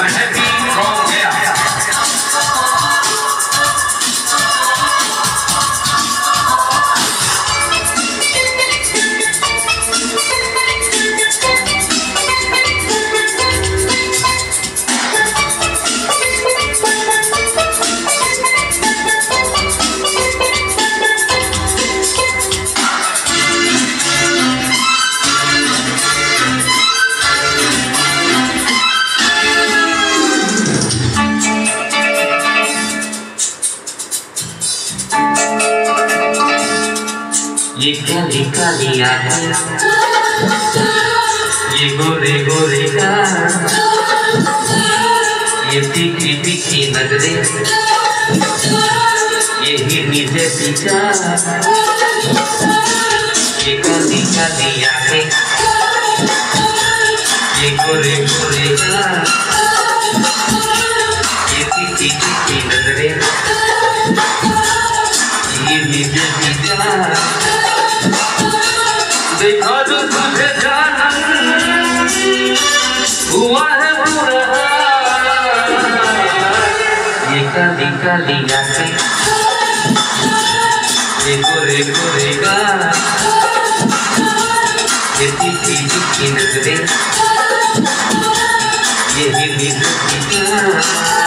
I had गोरी का दिया है ये गोरे गोरे का ये तीखी तीखी नजरे ये ही नीचे पीछा ये गोरी का दिया है ये गोरे गोरे का ये तीखी तीखी नजरे ये नीचे पीछा देखा जो तुझे जाना हुआ है बुरा ये काली काली आंखें ये गोरे गोरे का ये तीखी तीखी नजरें ये हिंदी का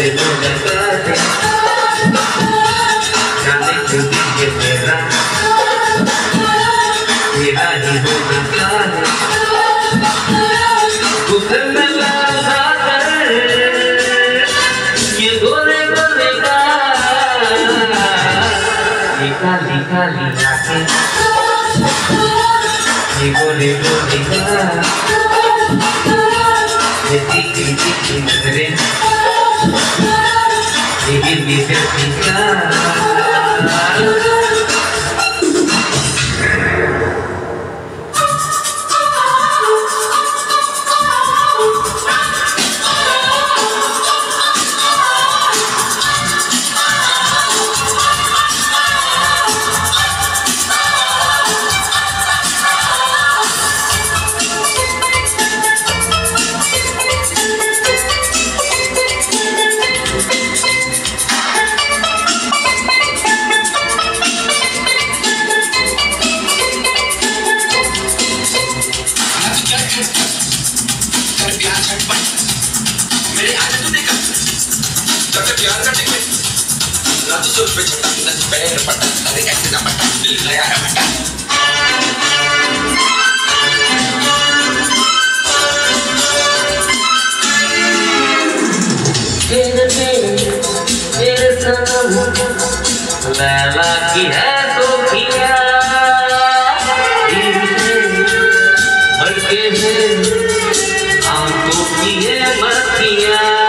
काली काली आंखें ये गोरे गोरे ये तीखी तीखी नजरें Give me, give me, give me, पटक ना तो सुर पे चटक ना पैर पटक अरे ऐसे ना पटक दिल लगा है पटक लैला की है तो किया बढ़ के हैं आंखों की है मतिया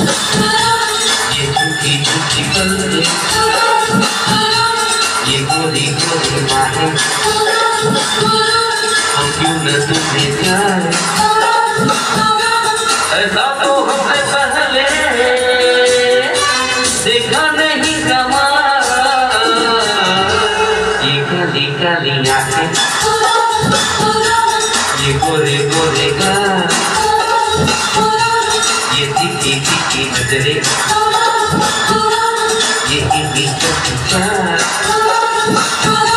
ये झूठी झूठी गंदे ये गोरी गोरी बाहें हम क्यों न तुझे प्यार ऐसा तो हमने पहले देखा नहीं कमाल ये गली गली आंखें ये गोरे गोरे का ये दिखी दिखी नजरे ये इमी तो